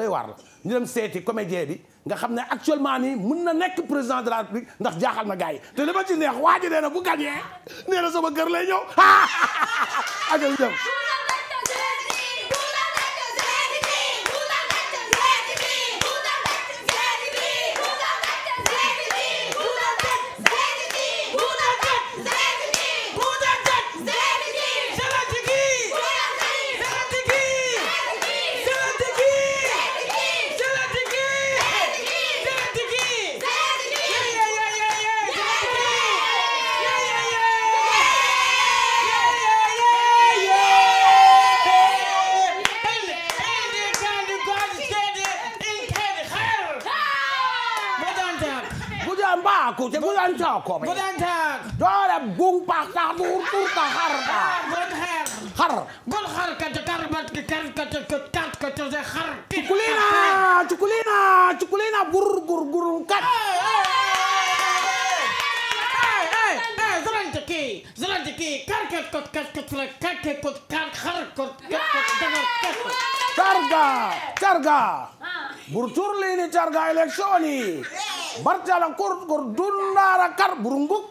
doy waar la ñu dem seeti comédien bi nga xam ne actuellement nii mën na nekk président de la République ndax jaaxal na gars yi te li ma ci neex waa ji nee na bu gagné nee na sama kër lay ñëw ah. ah tak budan baku je budan cokok budan tak dora bung pak tak bung tur tak har budan har har bul har ka jakar bat ke kar ka cokot kat ka cokot har cukulina cukulina cukulina gur gur gur kat زرنتكي زرنتكي كركت كت كت كت كركت كت كرك خركت كركت كركت كركت كركت برتور ليني كركت إلكتروني bartalan kor kor dunnara kar burunguk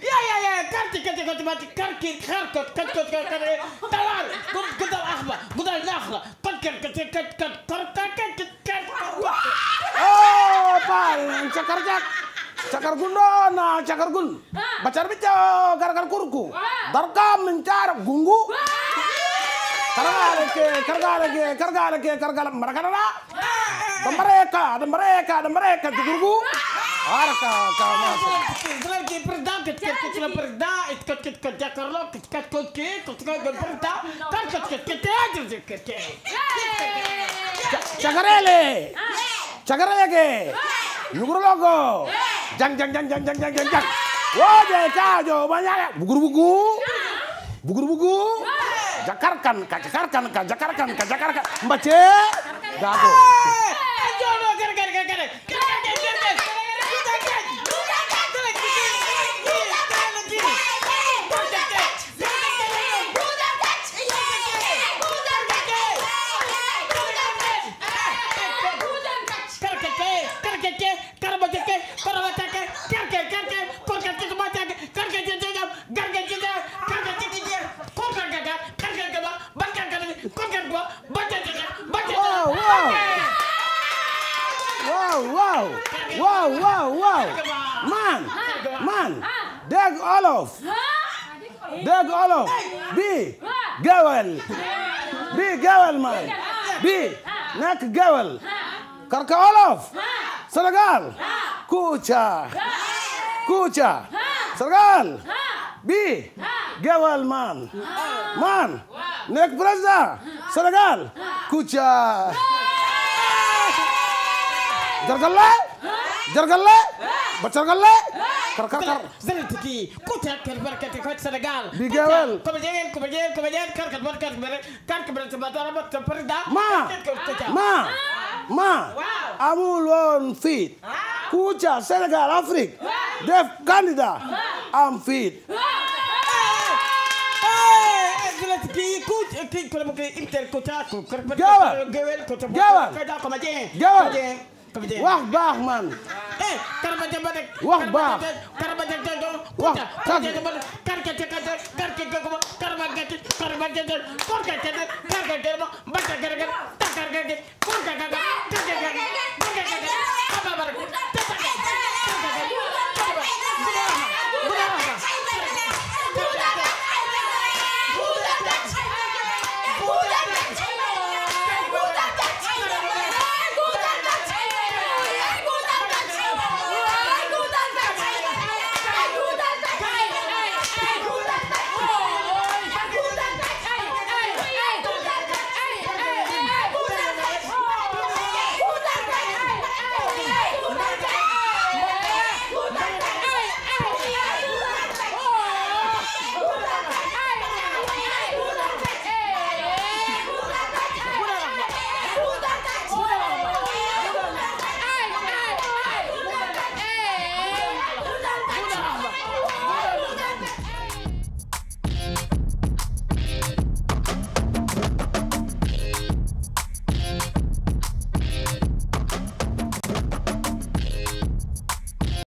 ya ya ya karti karti karti mati karki karkot karkot karkare talar eh. gud gudal ahba gudal nahla pakar karti kart kart karta kart kart oh pal cakar jak cakar gundo na cakar gun bacar bica gar gar kurku darka mencar gungu kargale ke kargale ke kargale ke kargale marakanala домрека домрека домрека дугургу арка камаса зрелки перда кеткет на перда кеткет кадакарло кеткет котке котка перда кеткет кеткет кеткет чагареле чагарелеге нугурлого janг janг janг janг janг janг janг wode tajo banyaga bugur bugu bugur bugu jakarkan ka jakarkan ka jakarkan ka jakarkan mbace dago waaw waaw waaw waaw waaw man man dégg bi gewel bi bi nekk gewel karka olof Sénégal kuca kuca Sénégal bi gewel man man nekk président Sénégal Kouthia jargale jargale ba jargale kar kar kar zeret ki bi gewel ko bejeen amul woon fit ah. Kouthia Sénégal Afrique def candidat ah. am fit ting kono ke imtel ko ta ko gewel gewel ko to gewel ko da ko ma je gewel wax baax man eh karba de ba rek wax baax karba de de do wax karba de karke te karke ko karba de karba de karke te